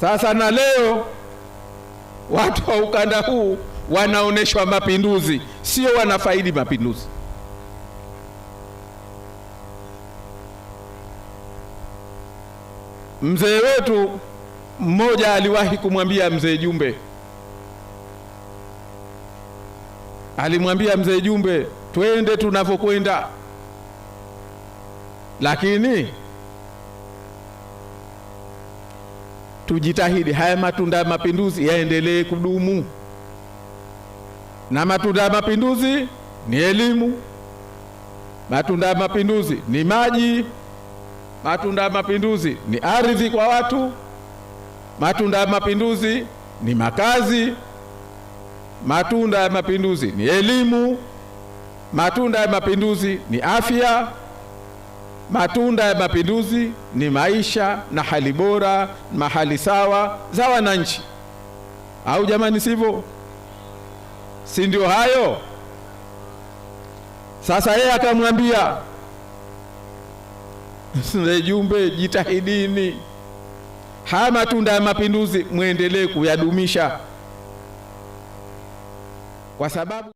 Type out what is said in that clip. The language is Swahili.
Sasa na leo watu wa ukanda huu wanaonyeshwa mapinduzi, sio wanafaidi mapinduzi. Mzee wetu mmoja aliwahi kumwambia mzee Jumbe, alimwambia mzee Jumbe, twende tunavyokwenda, lakini tujitahidi haya matunda ya mapinduzi yaendelee kudumu, na matunda ya mapinduzi ni elimu, matunda ya mapinduzi ni maji, matunda ya mapinduzi ni ardhi kwa watu, matunda ya mapinduzi ni makazi, matunda ya mapinduzi ni elimu, matunda ya mapinduzi ni afya. Matunda ya mapinduzi ni maisha na hali bora, mahali sawa za wananchi, au jamani, sivyo? Si ndio hayo? Sasa yeye akamwambia Jumbe, jitahidini haya matunda ya mapinduzi mwendelee kuyadumisha kwa sababu